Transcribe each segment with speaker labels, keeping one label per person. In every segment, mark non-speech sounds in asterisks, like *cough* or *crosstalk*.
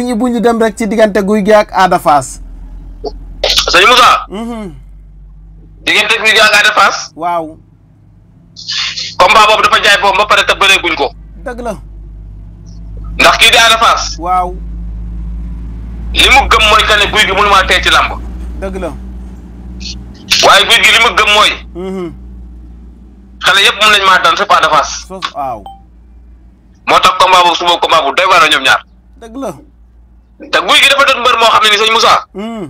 Speaker 1: ñu buñu dem rek ci diggante guuy gi ak Ada Fass
Speaker 2: sëñ Moussa hmm diggante guuy gi ak Ada Fass waaw combat bobu dafa jaay boobu ba pare te bëree guñ ko dëgg la ndax ki di Ada Fass waaw limu gëm moy que guuy guy gi mënuma tee ci lamb dëgg la waye guuy gi limu gëm moy hmm xale yépp mën nañ ma daan c'est pas Ada Fass waaw motax combat bobu suba combat bu doy waar ñom ñaar dëgg la te guy gi dafa doon mbër moo xam ne ni sëñ Moussa. Hmm.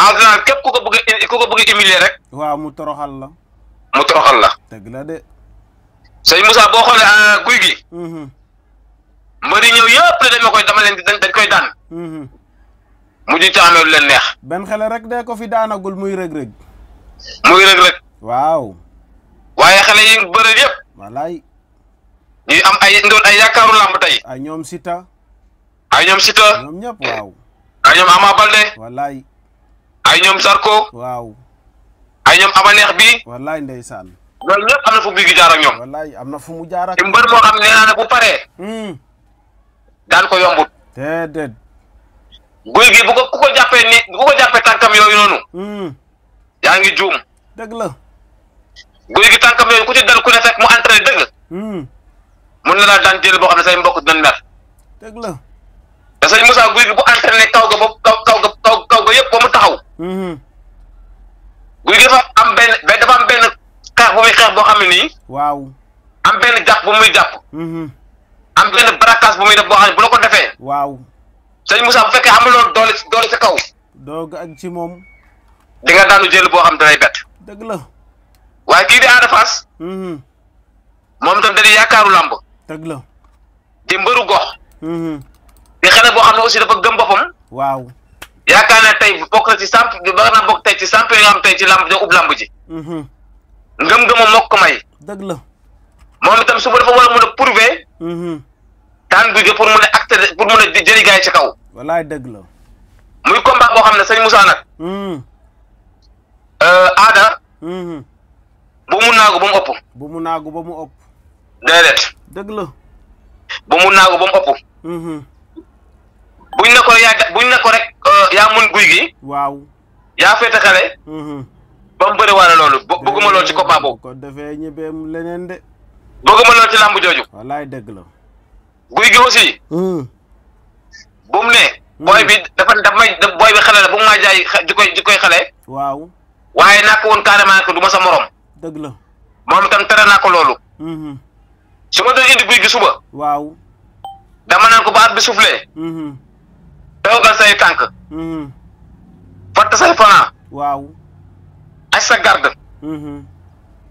Speaker 2: en général képp ku ko bëgg ku ko bëgg humilier rek.
Speaker 1: waaw mu toroxal la.
Speaker 2: mu toroxal la. dëgg la de. sëñ Moussa boo xoolee euh, guy gi. Hmm. mbër yi ñëw yëpp de dama koy dama koy daan. Hmm. mujj caamee lu leen neex.
Speaker 1: benn xel rek de ko fi daanagul muy rëg-rëg. muy rëg-rëg. waaw. waaye xale yi bëre
Speaker 2: yëpp. walaay.
Speaker 1: ñu am ay ndoon ay yaakaaru làmb tey. a ñoom sita ay sika Sita ñoom ñëpp waaw ay ñoom Ama Balde wallahi ay ñoom Sarko waaw ay ñoom ama neex bi wallahi ndeysaan lol ñëpp amna fu gouy jaar ak ñom wallahi amna fu mu jaar ak mbeur mo xam neena naa ne bu paree daan ko yombut
Speaker 2: dedet gouy gi bu ko ku ko jàppee ni bu ko jappé tankam yoy nonu hmm yaangi joom deug la gouy gi tankam yoy ku ci dal ku ne fek mu deug hmm mun na la daan jël bo xam say mbokk dinañ mer deug la Sëriñ musa Guy gi bu entraîné kaw ga ba kaw kaw ga taxaw. Guy gi dafa am benn benn dafa am benn xeex bu muy xeex boo xam ne am benn jàpp bu muy jàpp. am benn barakaas bu muy def boo xam bu la ko defee. waaw Sëriñ Moussa bu doole doole kaw. ak ci di nga daanu jël xam la. di Ada Fass. moom itam dañuy yaakaaru làmb. dëgg la. di mbëru gox. di xale boo xam ne aussi dafa gëm boppam. waaw yaakaar naa tey bokk na ci samp ba naa bokk tey ci samp yoo am tey ci lamb joo ub lamb ji. Mhm. ngëm-ngëmam moo ko may. dëgg la moom itam suba dafa war a mun a prouver. Mhm. daan pour mun a acte pour mun a jëri gaay ci kaw.
Speaker 1: wallaay dëgg la.
Speaker 2: muy combat boo xam ne sëñ Moussa nag.
Speaker 1: Mhm. Euh, aada. bu mu naagu ba mu ëpp. bu mu naagu ba mu ëpp.
Speaker 2: déedéet. dëgg la. bu mu naagu ba mu ëpp. buñ na ya yaa buñ na ko rek euh, yaa mun guy gi. waaw yaa féete xale. Mhm. ba mu bëri waale loolu bëgguma lool ci COPA boobu. kon
Speaker 1: dafay ñibbeem leneen de.
Speaker 2: bëgguma lool ci làmb jooju. wallaay dëgg la. guy gi aussi. Mhm. bu mu ne. Mhm. booy bi dafa daf may booy bi xale la bu mu jaay ji koy ji koy xale. waaw waaye naa ko sa morom. la indi gi suba. waaw dama naan ko bi soufflé dawgal say hmm fat say fa Wow. ay sa garde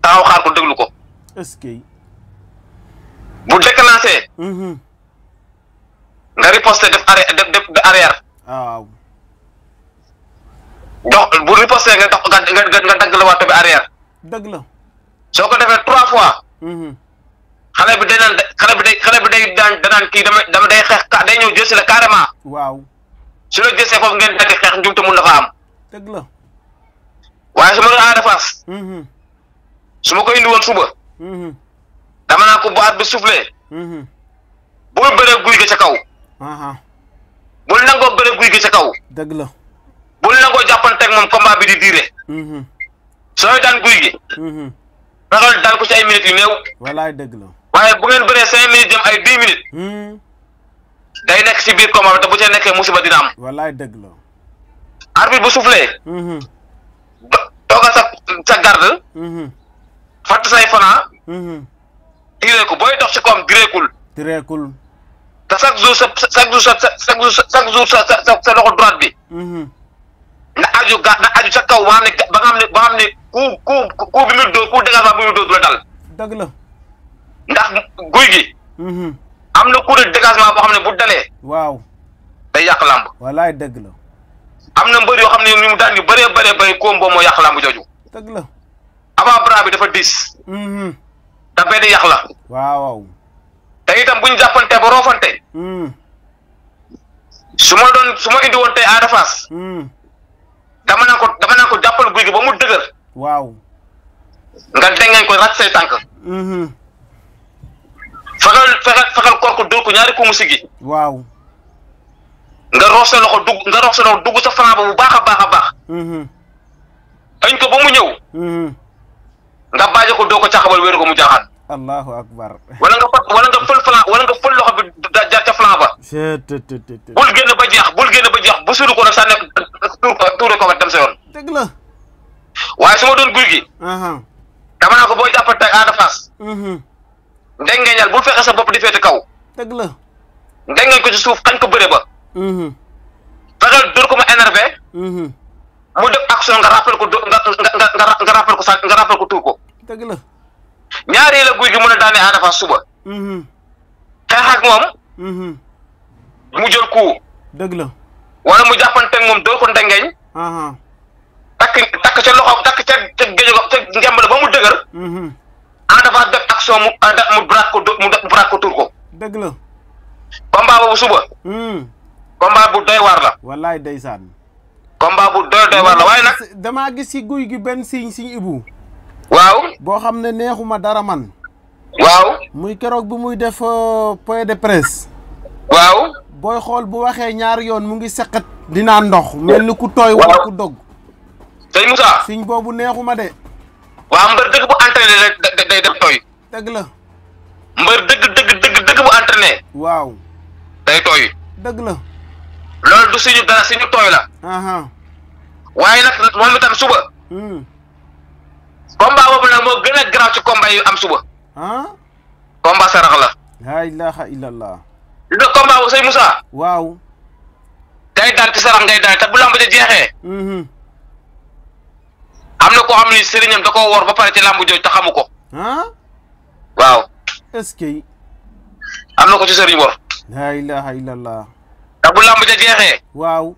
Speaker 2: taw xaar ko deglu ko est-ce que bu déclenché nga riposté def arrière def def arrière wow dox bu riposté nga dox nga nga dagg la waat bi arrière dëgg la soo ko defee trois fois xale bi day naan xale bi day xale bi day daan dan kii dama dama day xeex day ñëw carrément waaw su la gisee foofu ngeen dagg xeex njumte mun na am. dëgg waaye su ma la mhm. ko indi woon suba. Mhm. dama naa ko bu at bi soufflé. Mhm. bul bëree guy gi ca kaw. bul nangoo bëree guy gi ca kaw. dëgg la bul nangoo jàppanteeg moom combat bi di diire. sooy daan guy gi. ragal daan ko ci ay minutes yu néew.
Speaker 1: walaay dëgg la
Speaker 2: waaye bu ngeen bëree cinq minutes jëm ay dix minutes. day nekk ci biir combat bi bu ca nekkee musiba dina am. wallaay dëgg la. arbitre bu soufflé. Mhm. toogal sa sa garde. Mhm. fàtt say fanaa. diree mhm. ko booy dox si koom direekul. direekul. te chaque jour sa chaque jour sa chaque jour sa loxo droite bi. na aju ga aju sa kaw ba nga xam ne ba nga xam ne ku ku ku bi muy dóor ku dégagement la dal. dëgg la. ndax guy gi. am na courage dégagement bo xamné bu dalé waw day yak lamb wallahi dëgg la. am mbeur yo xamné xam ne ñu mu bëré yu bëree bëree bëri combo moo yàq làmb jooju. dëgg la aba bra bi dafa diis. Mm-hmm. te benn yak la. waw tay itam buñu jappanté jàppante ba roofante. Mm. su ma doon su indi won tay Ada hmm dama naa ko dama naa ko jàppal gi ba mu dëgër. waw nga dengañ ko ràcc say hmm Fakal fakal fakal kor ko dóor ko ñaari ko mu sigi waaw nga rox sa loxo dugg nga rox sa loxo dugg sa franc ba bu baax a baax a baax mhm. ko ba mu ñëw mhm. nga baaje ko doo ko caxabal wéeru ko mu jaaxaan
Speaker 1: allahu akbar
Speaker 2: wala nga fat wala nga fël flan wala nga fël loxo bi jaar ca flan ba bul génn ba jeex bul génn ba jeex bu suru ko nag sànne tuur ko tuure ko wet dem sa yoon dëgg la waaye su doon guy gi dama naa ko boo jàppal teg aada face ndengeñal bu fexé sa bop di fété kaw deug la ndengeñ ko ci suuf xañ ko bëre ba fexeel dur ko ma énervé mu def action nga rappel ko nga nga nga rappel ko sa nga rappel ko tuur ko la ñaari la guuy gi mën daane Ada Fass suba xeex ak hmm mu jël coup deug la wala mu jàppante ak mom do ko ndengeñ tak tak ci loxo tak ci ca géej ca ba mu dëgër ada dafa def action mu ada mu braque ko mu def braque tour ko deug la combat bu suba hmm
Speaker 1: combat bu doy war la wallahi deysan combat bu doy doy war la way nak dama gis ci guuy gi ben signe signe ibu Wow. bo xamne neexuma dara man waw muy kérok bu muy def euh, point de presse waw boy xol bu waxe ñaar yoon mu ngi sekkat dina ndox melni ku toy wala ku dog Moussa signe bobu neexuma de wa deug bu entraîné rek day def tooy. dëgg la.
Speaker 2: mbër dëgg dëgg dëgg dëgg bu entraîné. waaw. day tooy. dëgg la. loolu du suñu dara suñu tooy la. waaye nag moom itam suba. Hmm. combat bu nag moo gën a garaaw ci combat yu am suba. Ah?
Speaker 1: combat sarax la. la ilaha illallah.
Speaker 2: li nga combat bu sëñ Moussa. waaw. day daan ci sarax ngay daan te bu lamb ja jeexee. Hmm. am na koo xam ne sëriñam da koo woor ba pare ci làmb jooj te xamu ko. waaw. am na ko ci sëriñ wor.
Speaker 1: la ilaha illallah. ndax bu
Speaker 2: làmb ja jeexee. waaw.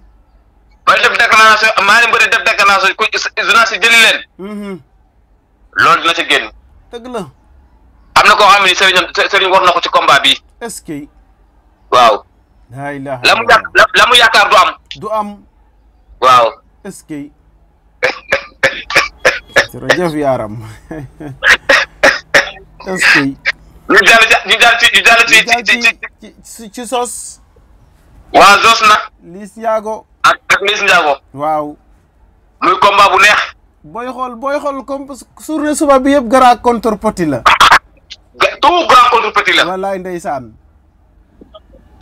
Speaker 2: ba def déclaration maa ngi bëri def déclaration ku journaliste jëli leen. Mhm. loolu dina ci génn. dëgg am na koo xam ne sëriñam sëriñ wor na ko ci komba bi. est waw que. waaw. la ilaha la mu yà du am. du am. waaw.
Speaker 1: est jërëjëf yaaram est-ce que. ci sos. waa sos na. Liss Ndiago. ak ak waaw. muy combat bu neex. booy xool booy xool comme journée suba bi yëpp grand contre petit la. tout grand wallaay ndeysaan.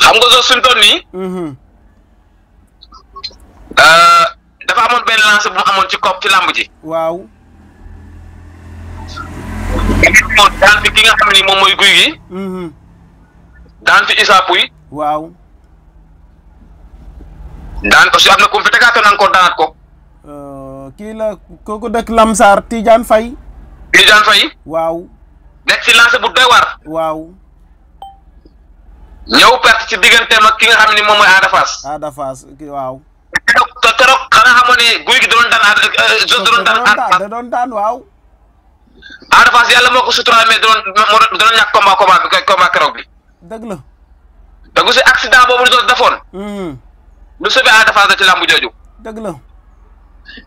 Speaker 1: xam
Speaker 2: nga sos suñu toll nii. Mhm. Euh, dafa amone ben lance bu amone ci dan ci lamb ji. waw dal fi ki nga xam ni moom mooy guy hmm dal fi isaapu yi. waaw. daan aussi am na ku fi tegaatoon na ko daanaat ko.
Speaker 1: ki la kooku dëkk Lamsar Tidiane fay
Speaker 2: Tidiane fay waw ci lance bu doy war waw ci ki nga xamni mom moy
Speaker 1: Ada fas Ada ne guy gi euh, da doon daan
Speaker 2: aada doon daan aada. Ada Fass yàlla moo ko suturaal mais da doon moo doon ñàkk keroog dëgg la. te si accident boobu ñu doon defoon. Hmm. lu soobee Ada Fass da ci dëgg la.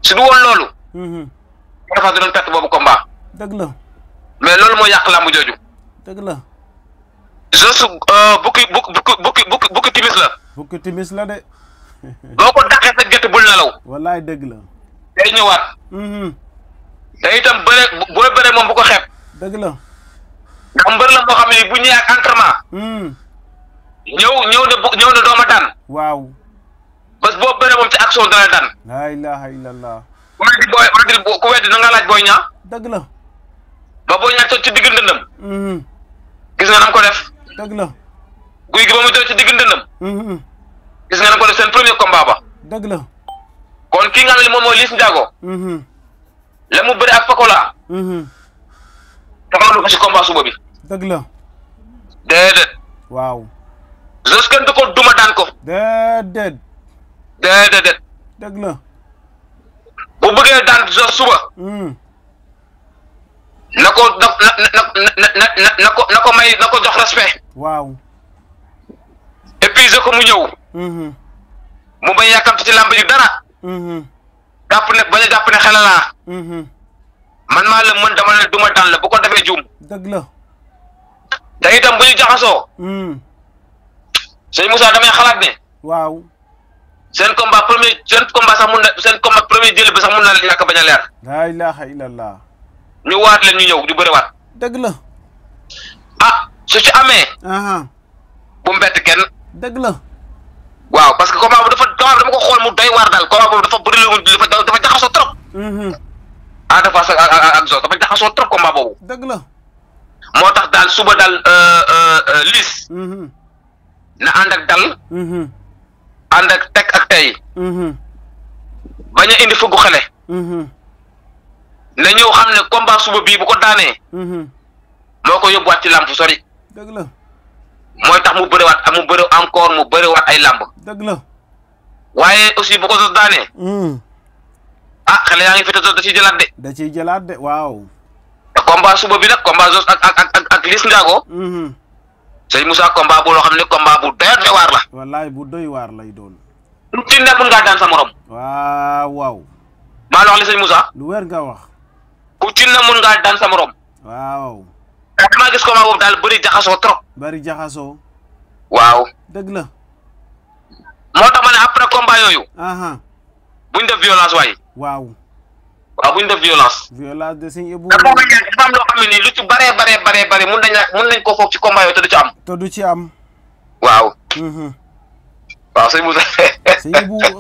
Speaker 2: su du woon loolu. Hmm. Ada Fass doon perte boobu combat. dëgg la. mais loolu moo yàq làmb dëgg la. je euh, bukki bukki bukki timis la. bukki timis la de. boo ko dàqee sa gëtt bul nelaw
Speaker 1: wallaay dëgg la
Speaker 2: day ñëwaat mhm. te itam bëre booy bëre moom bu ko xeeb dëgg la ndax mbër la moo xam bu ñëwee ak entraînement mhm. ñëw ñëw ne ñëw ne dooma daan waaw parce que boo bëre ci action dana daan
Speaker 1: la ilaha illallah
Speaker 2: ku weddi booy weddi ku weddi na nga laaj booy ñaa dëgg la ba ñaa ci digg mhm. gis nga nam ko def la guy gi ba ci digg gis nga ne ko def seen premier combat ba. dëgg kon ki nga xam ne moom mooy Liss mm-hmm. la mu bëri ak Pokola. taxawal mm-hmm. ko si suba bi. dëgg la. waaw. Zoss kenn du ko duma daan ko. déedéet. déedéet. dëgg la. bu bëggee daan Zoss suba. Mm. na ko na na na ko may na ko jox respect. waaw. épuisé ko mu ñëw. mu bañ yakam ci lamb ji dara jàpp ne bañ a ne xala la hmm man ma la mën dama la duma dal bu ko defee joom
Speaker 3: deug la te itam bu ñu
Speaker 2: hmm sey musa dama xalat ne waw sen combat premier sen combat sax mu sen combat premier jël ba sax mu na la ñàkk bañ a leer
Speaker 1: la ilaha illallah
Speaker 2: ñu waat la ñu ñew di bëre waat deug la ah su ci Aha, bu mbett kenn deug la waaw parce que combat boobu dafa combat dama ko xool mu doy waar daal combat boobu dafa bëri lu dafa dafa jaxasoo trop. Mm-hmm. Ah, Ada Fass ak ak tax daal suba daal euh, euh, euh, Liss. Mm-hmm. na ànd ak dal. Mm-hmm. ànd ak teg tey. bañ indi fukk xale. na ñëw xam ne combat suba bii bu ko daanee. moo ko yóbbuwaat ci làmp sori. moy tax mu beure wat mu beure encore mu beure wat ay lamb deug la. waye aussi bu ko do dané hmm ah xalé yaangi ngi fi tos da ciy de. da ci jëlaat de waaw. te combat suba bi nak combat sos ak ak ak ak ak Liss hmm sey Moussa combat bu lo xamné combat bu doy war la.
Speaker 1: wallahi bu doy war lay doon.
Speaker 2: lu ci nekk nga daan sa morom. waaw waaw. maa lo xalé sey sëñ Moussa. lu wér nga wax. Ah. ku ci ne mun ngaa daan sa morom. waaw. dama gis combat bob dal
Speaker 1: beuri jaxaso trop. bari jaxasoo. waaw. dëgg la. moo
Speaker 2: tax ma ne après combat yooyu. buñ def violence waaye. waaw. waaw buñ def violence. violence de suñu ébu. dafa xam ne nii lu ci baree baree baree baree ci am.
Speaker 1: te du ci am.
Speaker 2: waaw. Mhm. waaw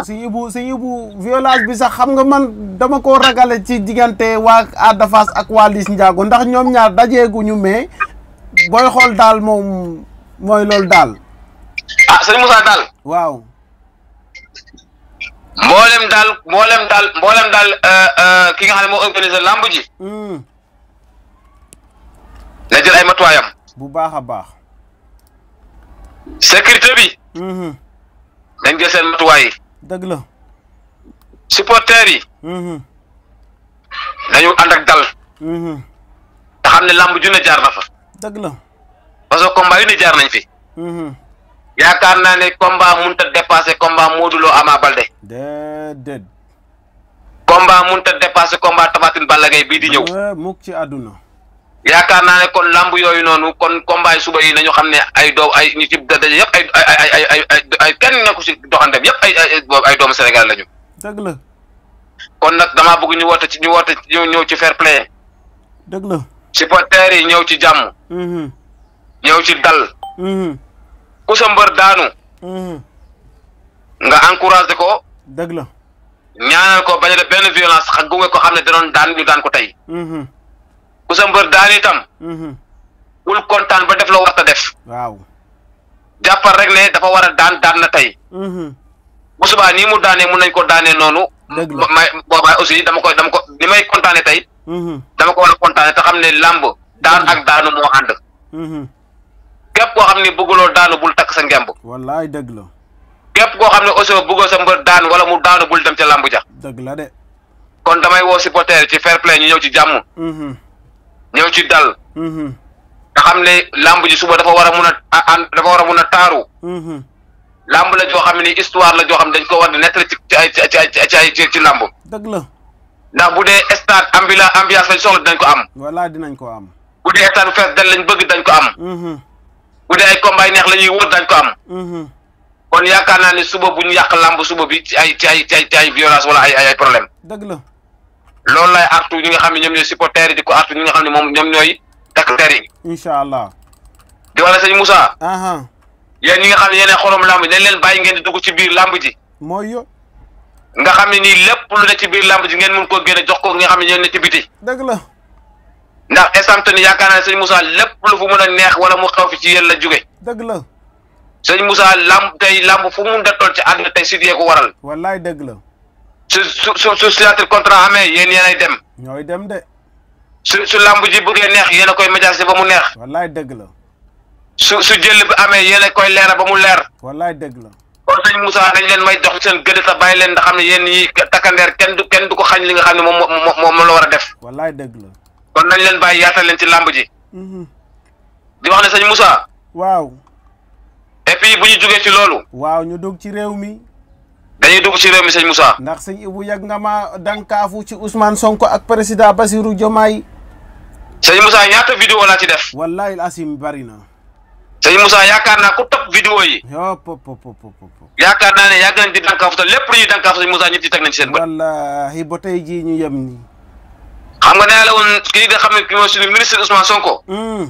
Speaker 1: Ibu sëñ Ibu violence bi sax xam nga man dama ko ragale ci diggante waa Ada ak waa Liss ndax ñoom ñaar dajeeguñu mais booy xool daal moom mooy loolu daal. ah sëñ Moussa daal. waaw.
Speaker 2: mboolem daal mboolem daal mboolem daal euh, euh, ki nga xam ne moo organisé lamb ji. Hmm. na jël ay matuwaayam.
Speaker 1: bu baax a baax. sécurité bi. Hmm. dañ jël
Speaker 2: seen matuwaay yi. dëgg la. supporters yi. Hmm. nañu ànd ak dal. te ne làmb ju ne jaar na fa. dëgg la parce que combat yu ne jaar nañ fi. Mhm. yaakaar naa ne combat mënut a dépassé combat Modou Lo Ama Baldé. a dépassé combat Tapha Tine Balla Gaye bii di ñëw.
Speaker 1: mukk ci àdduna.
Speaker 2: yaakaar naa ne kon lamb yooyu noonu kon combat yi suba yi nañu xam ne ay doom ay ñu ci yëpp ay ay ay ay ay ay kenn nekku si doxandeem yëpp ay ay ay doomu Sénégal lañu. dëgg la. kon nag damaa bëgg ñu woote ci ñu woote ñu ñëw ci fair play. dëgg la. supporters yi ñëw ci jàmm. Mm-hmm. ñëw ci dal. Mm-hmm. ku sa mbër daanu. Mm-hmm. nga encouragé ko. dëgg la. ñaanal ko bañ benn violence xa gunge ko xam ne da daan ñu daan ko tey. ku sa mbër daan itam. kontaan ba def la warta def. waaw jàppal rek ne dafa war a daan daan na tey. bu subaa nii mu daanee mun nañ ko daanee noonu. dëgg la may boobaay aussi dama koy dama ko ni may kontaanee tey. Mm-hmm. dama ko war a kontaane te xam ne làmb daan ak daanu moo ànd mm-hmm. képp koo xam ne bëgguloo daanu bul takk sa ngemb wallaay dëgg la képp koo xam ne aussi bëggoo sa mbër daan wala mu daanu bul dem ca làmb ja dëgg la de kon damay woo supporter ci fair play ñu ñëw ci jàmm mm-hmm. ñëw ci dal nga xam ne làmb ji suba dafa war a mun a dafa war a mun a taaru làmb la joo xam ne histoire la joo xam ne dañ ko war di nettali ci ci ay ci ay ci làmb ndax bu dee stade ambila ambiance lañ soxla dinañ ko am.
Speaker 1: voilà dinañ ko am.
Speaker 2: bu dee stade fees dal lañ bëgg dañ ko am. Mhm. bu dee ay combat neex la ñuy dañ ko am. Mhm. kon yaakaar naa ne suba bu ñu yàq làmb suba bi ci ay ci ay ci ay violence wala ay ay problème. dëgg la. loolu lay artu ñi nga xam ne ñoom ñooy supporters yi di ko artu ñi nga xam ne moom ñoom ñooy takk ter yi.
Speaker 1: incha allah.
Speaker 2: di wala sëñ Moussa. yéen ñi nga xam ne yéen ay xorom làmb ji leen bàyyi ngeen di dugg ci biir làmb ji. mooy yo. nga xamni ni lepp lu ne ci biir lamb ji ngeen mën ko gëna jox ko nga xamni ñoo ne ci biti deug la ndax estamte ni yaakaar naa ne Moussa lepp lu fu mëna neex wala mu xaw fi ci yéen la juggé deug la seigne Moussa lamb tay lamb fu mu da ci àdduna tay si ko waral wallahi deug la su su su su contrat amee yeen yéenay dem
Speaker 1: ñoy dem de
Speaker 2: su su lamb ji bëggé neex yeen a koy médiacé ba mu neex
Speaker 1: wallahi deug la
Speaker 2: su su jël bi amé yeen a koy leera ba mu lér
Speaker 1: wallahi deug la
Speaker 2: kon sëñ Moussa dañ leen may jox seen gëdd sa bàyyi leen nga xam ne yéen ñii takkandeer kenn du kenn du ko xañ li nga xam ne moom moom moom la war a def.
Speaker 1: wallaay dëgg la.
Speaker 2: kon nañ leen bàyyi yaatal leen ci làmb ji. Mhm. di wax ne sëñ Moussa. waaw. et bu ñu jugee ci loolu.
Speaker 1: waaw ñu dugg ci réew mi.
Speaker 2: dañuy dugg ci réew mi sëñ Moussa.
Speaker 1: ndax sëñ Ibou yàgg nga ma dankaafu ci Ousmane Sonko ak président Bassirou Diomaye.
Speaker 2: sëñ Moussa ñaata vidéo laa ci def. wallaay
Speaker 1: asim bari
Speaker 2: na. sëñ Moussa yaakaar naa ku topp vidéo yi. yaakaar naa ne yàgg nañ di dànkaafusal lépp lu ñuy dànkaafusal sëñ Moussa ñëpp di teg nañ ci seen
Speaker 1: bët. ba tey jii ñu yem nii.
Speaker 2: xam nga nee la woon kii nga xam ne kii si suñu ministre Ousmane Sonko. Hmm.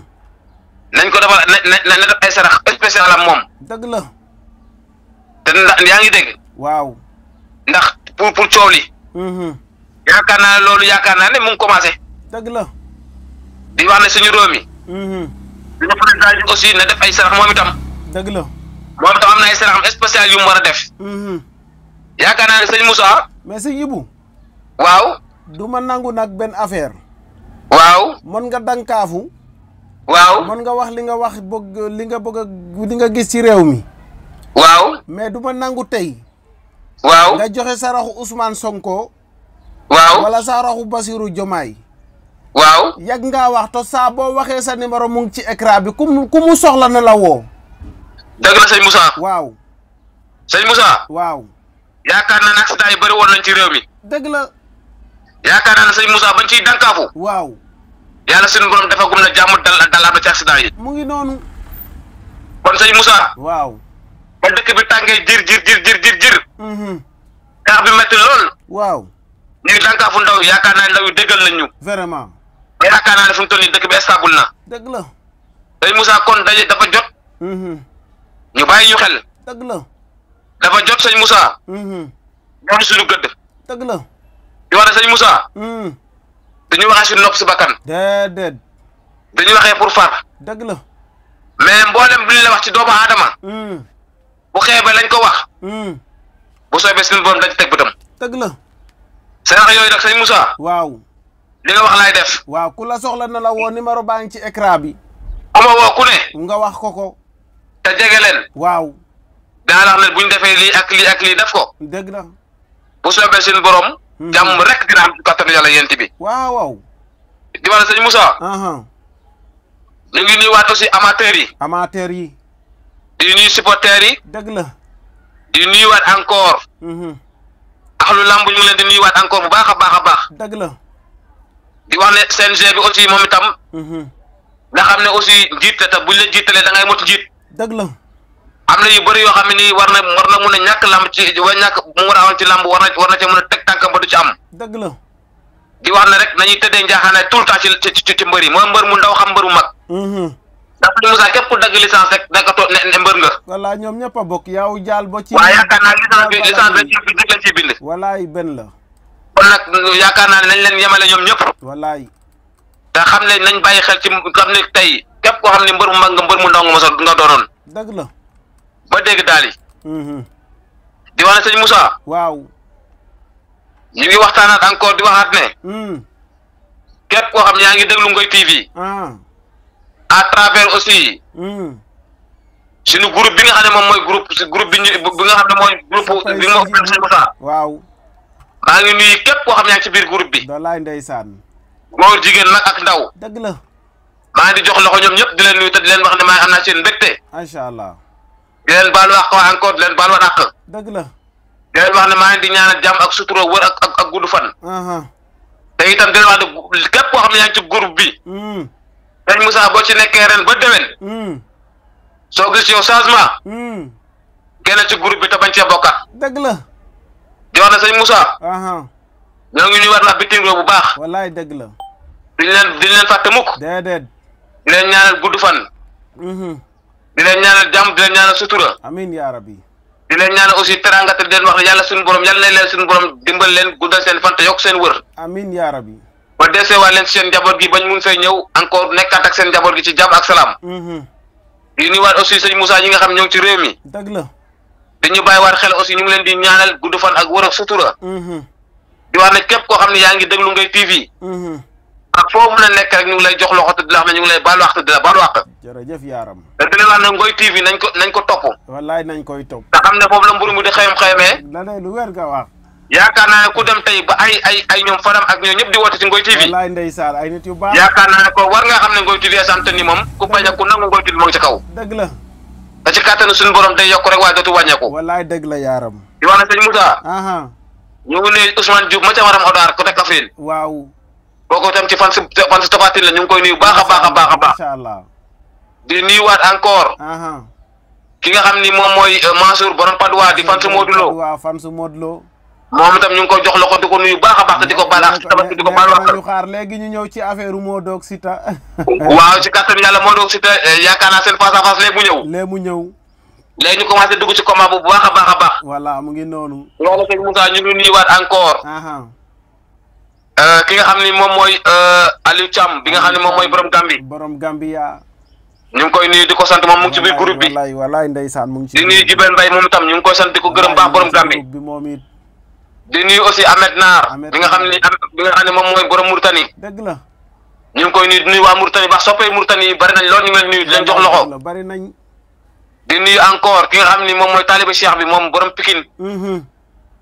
Speaker 2: nañ ko defal na na na def ay moom. dëgg la. yaa ngi dégg. waaw. ndax pour pour coow li. Hmm. yaakaar naa ne loolu yaakaar naa ne mu ngi commencé. dëgg la. di wax ne suñu réew mi. Hmm. dina président yi aussi na def ay sarax moom itam dëgg la moom itam am na ay saraxam spécial yu mu war a def
Speaker 1: mhm. yaakaar naa ne sëñ Moussa mais sëñ Ibou waaw du ma nangu nag benn affaire waaw mën nga dankaafu waaw mën nga wax li nga wax bëgg li nga bëgg a li nga gis ci réew mi waaw mais du ma nangu tey nga joxe saraxu Ousmane Sonko waaw wala saraxu Basirou Diomaye Wow, yag nga wax to sa bo waxe sa numéro mu ngi ci écran bi kum kumu soxla na la wo
Speaker 2: deug la seigne moussa waaw seigne moussa waaw yaakaar na nak sita yi bari won nañ ci rew mi deug la yaakaar na seigne moussa ban ci dankafu waaw yalla suñu borom dafa gum na jamu dal dal am ci accident yi mu ngi nonu kon seigne moussa waaw ba dekk bi jir jir jir jir jir jir mhm. ka bi metti Wow. waaw ñuy dankafu ndaw yaakaar naa ndaw yi deegal nañu vraiment mais yaakaar naa ne fu mu toll nii dëkk bi stable na. dëgg la. sëñ Moussa kon daje dafa jot. Mhm. ñu bàyyi ñu xel. dëgg la. dafa jot sëñ Moussa. ñoo mhm. ñu suñu gëdd. dëgg la. di sëñ Moussa. Mhm. dañuy waxee si nopp si bakkan. déedéet. dañuy waxee pour far. dëgg la. mais mboolem bi ñu la wax ci doomu aadama. bu xeebee lañ ko wax. bu soobee suñu borom dañ teg bëtam. dëgg la. a yooyu nag sëñ Moussa. waaw. li nga wax lay def
Speaker 1: wa ku la soxla na la wo numéro baa ci écran bi ama woo ku ne
Speaker 2: nga wax ko ko te jege leen waaw daa lax ne buñ defé li ak li ak li def ko deug na bu sobe sin borom jam hmm. rek dina am ci kattanu yalla yent bi waw waw di ma ne sëñ Moussa ni ngi ni wat aussi amateur yi amateur yi di ni supporter yi deug la di ni wat encore mhm. axlu lamb ñu leen di ni wat encore bu baax a baax deug baax la di wax mhm. ne CNG bi aussi kami itam hmm da xamne aussi njit la ta buñ la jiitalee da ngay motu njiit deug la amna yu bari yo xam ni warna warna na war na lamb ci wa ñak mu wara ci lamb warna warna ci mëna tek tankam ba du ci am deug la di wax ne rek nañu tëddee njaxane tout temps ci ci ci mbeuri mo mbeur mu ndaw xam mbër mu mag mhm. ndax li Moussa képp ku dag licence rek danga toog ne nga
Speaker 1: wala ñom ñepp a bokk yow jaal bo ci wa licence
Speaker 2: ci bind ci la kon nak yakarna nañ leen yemalé ñom ñëpp. wallahi da xam ne nañ bayyi xel ci xam ne tey képp koo xam ne mbeur mu mag nga mbër mu ndaw nga mos nga doonoon. dëgg la. ba dégg daal hmm di wala ne sëñ Moussa. waaw. ñu ngi waxtaanaat encore di waxaat ne. képp koo xam ne yaa ngi Ngoy TV. hmm à travers aussi. hmm suñu groupe bi nga xamne mom moy mooy groupe groupe bi nga xamne moy mooy groupe bi nga xamne ne Sëñ Moussa. waaw maa ngi nuyu képp koo xam ne yaa ngi ci biir groupe bi. wallaay ndeysaan. góor jigéen mag ak ndaw. dëgg la. maa ngi di jox loxo ñoom ñëpp di leen nuyu te di leen wax ne maa am naa seen mbégte. macha allah. di leen baalu àq waa encore di leen baalu àq. dëgg la. di leen wax ne maa ngi di ñaanal jàmm ak sutura wër ak ak ak gudd fan. te itam di leen wax ne képp koo xam ne yaa ngi ci groupe bi. Hmm. sëñ Moussa boo ci nekkee ren ba déwén. Hmm. soo gis yow changement. Hmm. ci groupe bi te bañ cee dëgg la di seigne moussa Aha. ñu ñoo war nuyuwaat la bitim réew bu baax.
Speaker 1: wallahi deug la. di len di len fatte mukk. dedet di len ñaanal guddu fan.
Speaker 2: di len ñaanal jam di len ñaanal sutura. amin ya rabbi. di len ñaanal aussi teranga te den wax ne yàlla suñu borom yalla lay suñu borom dimbal len guddal sen fante yok sen wër.
Speaker 1: amin ya rabbi.
Speaker 2: ba dese wa len sen jabor gi bañ mun fay ñew encore nekkat ak sen jabor gi ci jam ak hmm di wat aussi seigne Moussa ñi nga xam ñoo ci rew mi. deug la dañu bay war xel aussi ñu ngi leen di ñaanal guddu fan ak wër sutura mm-hmm. di wax ne képp koo xam ne yaa ngi déglu ngay TV mm-hmm. ak foo la a nekk rek ñu ngi lay jox loxo te di la xam ne ñu ngi lay baalu wax te di la baalu wax
Speaker 1: jërëjëf yaaram te
Speaker 2: dina wax ne ngoy TV nañ ko nañ ko topp
Speaker 1: wallaay nañ koy topp
Speaker 2: te xam ne foofu la mburu mu di xeyam xayamee la lay lu wér nga wax yaakaar naa ku dem tey ba ay ay ay ñoom faram ak ñoom ñëpp di wote ci Ngoy TV wallaay
Speaker 1: ndeysaan ay nit yu baax
Speaker 2: yaakaar naa ko war nga xam ne Ngoy TV asante ni moom ku bañ ku nangu Ngoy TV moo ci kaw dëgg la da ci kàttanu suñu borom day yokk rek waaye dootu wàññeeku.
Speaker 1: wallaay dëgg la yaaram.
Speaker 2: di wax ne sëñ Moussa. ñu ngi nuyu Ousmane Diouf ma ca waram Odaar ku nekk Kaffrine. waaw. kooku itam ci fan si fan si la ñu ngi koy nuyu baax a baax a baax a baax. macha allah di nuyuwaat encore. ki nga xam ni moom mooy euh, Mansour borom Padois di fan su Modou Lo. waaw fan moom itam ñu ngi ko jox loxo di ko nuyu baax a baax te di ko baal di ko baal
Speaker 1: sita *laughs*
Speaker 2: waaw ci yàlla sita eh, yaakaar naa seen face à face léegi mu ñëw léegi mu ñëw léegi ñu commencé dugg ci bu baax a baax a baax voilà mu ngi noonu loolu sëñ Moussa ñu ngi nuyuwaat encore ah, ah. Euh, ki nga xam borom Gambi borom Gambi ñu ngi koy
Speaker 1: nuyu di ko sant moom mu ngi ci biir groupe bi wallaay wallaay ndeysaan mu ngi ci di nuyu Mbaye moom itam ñu ngi koy sant di ko baax borom Gambi di nuyu aussi Ahmed Naar bi nga xam ne
Speaker 2: bi nga xam ne moom mooy borom Mourtani dëgg la ñu ngi koy nuyu di nuyu waa Mourtani ba soppee Mourtani yi bari nañ loolu ñu ngi leen loxo bari nañ di nuyu encore ki nga xam ni moom mooy taaliba Cheikh bi moom borom Pikine mhm.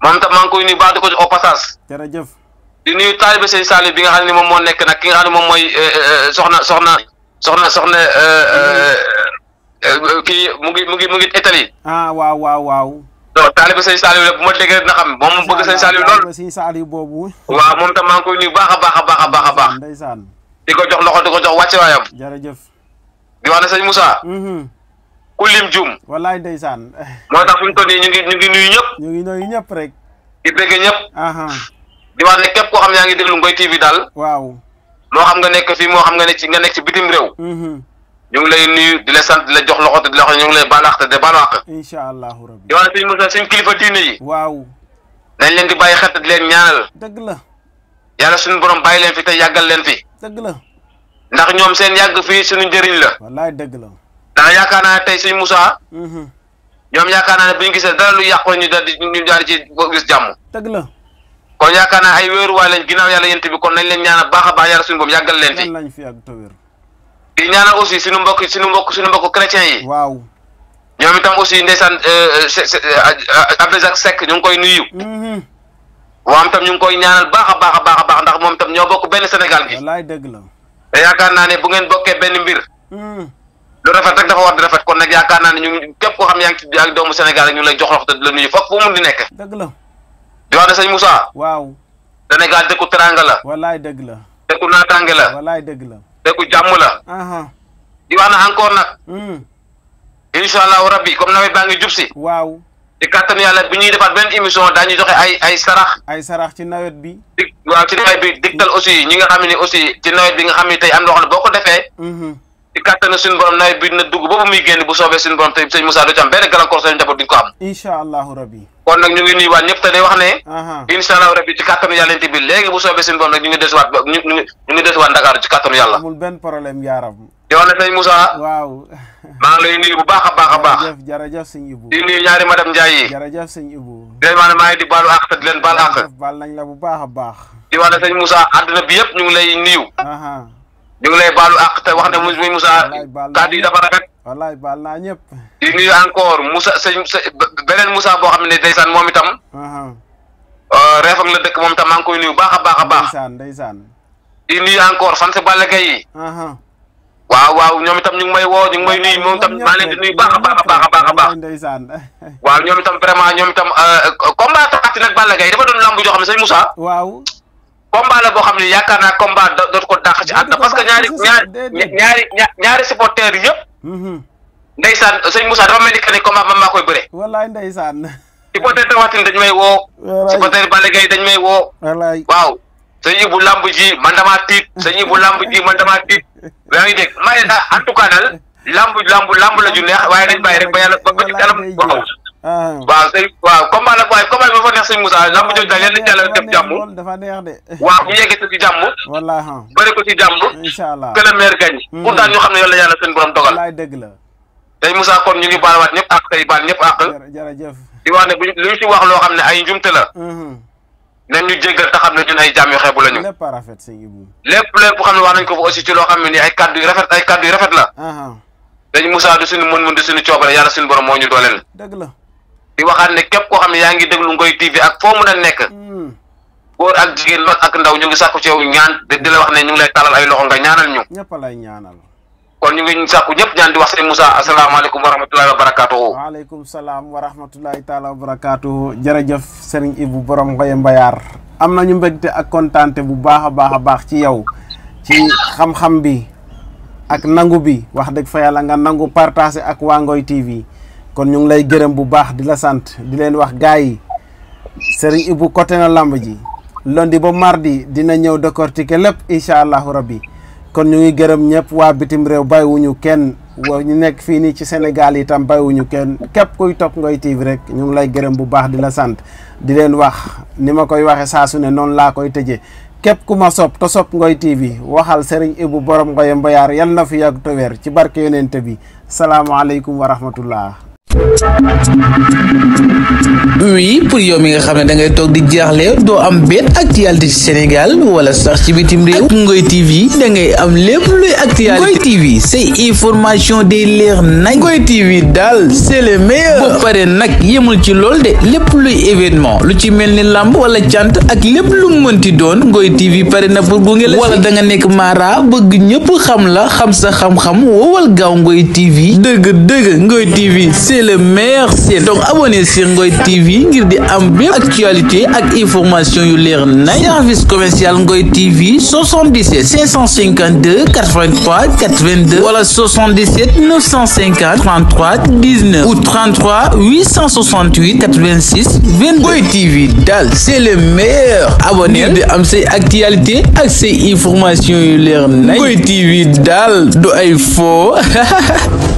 Speaker 2: moom tam maa ngi koy nuyu baax di ko jox au passage jërëjëf di nuyu taaliba Sëñ Saliou bi nga xam ni moom moo nekk na ki nga xam ne moom mooy euh, euh, euh, soxna soxna soxna soxna kii mu ngi mu ngi mu ngi Italie ah waaw waaw waaw non taaliba sëñ Saliou la bu ma déggee dina xam moom bëgg sëñ Saliou lool
Speaker 1: sëñ Saliou boobu
Speaker 2: waaw moom tam maa ngi koy nuyu baax a baax a baax a baax a baax di ko jox loxo di ko jox wàcce waayam jërëjëf di wax ne sëñ Moussa mhm. ku lim juum wallaay ndeysaan moo tax fi mu nii ñu ngi ñu ngi nuyu ñëpp ñu ngi ñëpp rek i bëgg ñëpp di wax ne képp koo xam yaa ngi déglu Ngoy TV daal waaw moo xam nga nekk fii moo xam nga nekk ci nga nekk ci bitim réew mhm. ñu ngi lay nuyu di la sant di la jox loxo di la wax ñu ngi lay baal àq di baal àq. incha rabbi yow sëñ Moussa sëñ kilifa diine yi. waaw. nañ leen di bàyyi xel di leen ñaanal. dëgg la. yàlla suñu borom bàyyi leen fi te yàggal leen fi. dëgg la. ndax ñoom seen yàgg suñu njëriñ la. dëgg la. ndax yaakaar naa tey mhm. ñoom yaakaar naa ne bu ñu gisee dara lu yàqoo ñu daal di ñu daal ci gis jàmm. dëgg la. kon yaakaar naa ay wéeruwaay lañ ginnaaw yàlla yent bi kon nañ leen ñaanal baax a baax yàlla suñu borom yàggal leen
Speaker 1: fi
Speaker 2: di ñaanal aussi suñu mbokk suñu mbokk suñu mbokk chrétien yi waaw ñoom itam aussi ndeysaan Abdou eh, eh, Seck ñu ngi eh, koy nuyu waam tam ñu ngi koy ñaanal baax a baax a baax a baax ndax moom tam ñoo bokk benn Sénégal gi wallaay dëgg la te yaakaar naa ne bu ngeen bokkee benn mbir mm. lu rafet rek dafa war di rafet kon nag yaakaar naa ne ñu képp ko xam yaa ngi ci doomu Sénégal ñu lay jox loxo te di la nuyu foofu fu mu di nekk dëgg la di wax ne sëñ Moussa waaw Sénégal dëkku teranga la wallaay dëgg la dëkku naataange la wallaay dëgg la dëkku jàmm la. di wax na encore nag. Hmm. incha allahu rabbi comme nawet baa ngi jub si. waaw ci kàttanu yàlla bi ñuy defaat benn émission daañu joxe ay
Speaker 1: ay sarax. ay sarax ci nawet bi.
Speaker 2: di waaw ci nawet bi digtal aussi ñi nga xam ne aussi ci nawet bi nga xam tey am na boo ko defee. Hmm. ci kàttanu suñu borom nawet bi dina dugg boobu muy génn bu soobee suñu borom te sëñ Moussa du ci am benn gàllankoor seen njaboot duñ ko am
Speaker 1: incha allahu rabbi
Speaker 2: kon nag ñu ngi nuyuwaat ñëpp te day wax ne incha allahu rabbi ci kàttanu yàlla te bi léegi bu soobee suñu borom nag ñu ngi desuwaat ñu ngi ñu ngi desuwaat Ndakaaru ci kàttanu yàlla
Speaker 1: amul benn problème yaaram yow na sëñ Moussa waaw
Speaker 2: maa ngi lay nuyu bu baax a baax a baax Ibou di nuyu ñaari madame Ndiaye yi
Speaker 1: jërëjëf sëñ Ibou
Speaker 2: di leen maanaam di baalu àq di leen baal àq
Speaker 1: baal nañ la bu baax baax
Speaker 2: di wax ne sëñ Moussa bi yëpp ñu ngi lay nuyu ñu ngi lay baalu ak te wax ne muy Moussa kàddu yi dafa rafet.
Speaker 1: wallaay baal naa ñëpp.
Speaker 2: di nuyu kan? encore Moussa sëñ beneen Moussa boo xam ne ndeysaan moom itam. Eh, reef ak la dëkk moom itam maa ngi koy nuyu baax a baax a baax. ndeysaan ndeysaan. di nuyu encore fan si Balla Gaye yi. waaw waaw ñoom itam ñu ngi may woo ñu ngi may nuyu moom itam maa leen di nuyu baax a baax a baax a waaw ñoom itam vraiment ñoom itam combat Tapha Tine ak Balla dafa doon lamb joo xam ne Moussa. waaw. combat la boo xam ne yaakaar naa combat dootu ko dàq ci àdduna parce que ñaari ñaari ñaari ñaari supporteurs yëpp. Mm-hmm. ndeysaan sëñ Moussa dafa mel ni que ni combat man maa koy bëre. wallaay ndeysaan. supporteur Tapha Tine dañ may woo. wallaay supporteur Balla Gaye dañ may woo. wallaay waaw. sëñ bu lamb ji man damaa tiit sëñ bu lamb ji man damaa tiit yaa ngi dégg maa ngi leen ah, en tout cas daal lamb lamb lamb la ju neex waaye dañ bàyyi rek ba yàlla ba ba ci kanam waaw. Ah. waaw sëñ waaw combat la waaye sëñ Moussa ah, làmb jooju daal yal nañu yàlla def jàmm waaw ñu yeggee ci jàmm bëri ko ci jàmm incha allah que le maire gagne hmm. pour daal ñu xam ne yàlla yàlla seen borom dogal tey Moussa kon ñu ngi baalawaat ñëpp ak tey baal ñëpp ak di wax ne bu lu ñu ci wax loo xam ne ay njumte la hmm. nañ ñu jéggal te xam ne ñun ay jaam yu xeebu la ñu lépp xam ne wax nañ ko fa aussi ci loo xam ne nii ay kàddu yu rafet ay kàddu rafet la dañ uh-huh. Moussa du suñu mën mën du suñu coobare yàlla suñu borom moo ñu dooleel di waxaat ne képp koo xam ne yaa ngi déglu Ngoy TV ak foo mën a nekk hmm. góor ak ak ndaw ñu ngi sàkku ci yow ñaan di la wax ne ñu ngi lay tàllal ay loxo nga ñaanal ñu ñëpp lay ñaanal kon ñu ngi sàkku ñëpp ñaan di wax sëñ Moussa asalaamaaleykum wa rahmatulahi wa barakaatuhu
Speaker 1: waaleykum salaam wa rahmatulahi taala wa barakaatuhu sëriñ Ibou borom Ngoye Mbayar am ñu mbégte ak kontaante bu baax a baax a baax ci yow ci xam-xam bi ak nangu bi wax dëgg fa yàlla nga nangu partagé ak waa Ngoy TV kon ñu ngi lay gërëm bu baax di la sant di leen wax gars yi Serigne Ibou côté na lamb ji lundi ba mardi dina ñëw décortiquer lépp incha allahu rabbi kon ñu ngi gërëm ñëpp waa bitim réew bàyyiwuñu kenn waa ñu nekk fii nii ci Sénégal itam ñu kenn képp kuy topp Ngoy TV rek ñu lay gërëm bu baax di la sant di leen wax ni ma koy waxee saa su ne noonu laa koy tëjee képp ku ma sopp te sopp Ngoy TV waxal Serigne bu borom Ngoye Mbayar yal na fi yàgg te ci barke yonente bi
Speaker 3: salaamaaleykum wa rahmatullah oui pour yow mi nga xam ne dangay toog di jaaxle doo am benn actualité ci Sénégal wala sax ci bitim réew Ngoy TV da ngay am lépp luy actualité Ngoy TV say information day leer nañ Ngoy TV daal c'est le meilleur nag yemul ci lool de lépp luy événement lu ci mel ni làmb wala cant ak lépp lu mënti doon Ngoy TV pare na pour gunge la wala danga nekk mara bëgg ñëpp xam la xam sa xam-xam wowal gaaw Ngoy TV dëgg dëgg Ngoy TV le meilleur c'est donc abonné sur Ngoy TV ngir di actualité ak information yu leer na service commercial Ngoy TV 77 552 83 82 voilà 77 950 33 19 ou 33 868 86 22 Ngoy TV Dal, c'est le meilleur abonné di am say actualité ak say informations. yu leer TV dal du ay *laughs*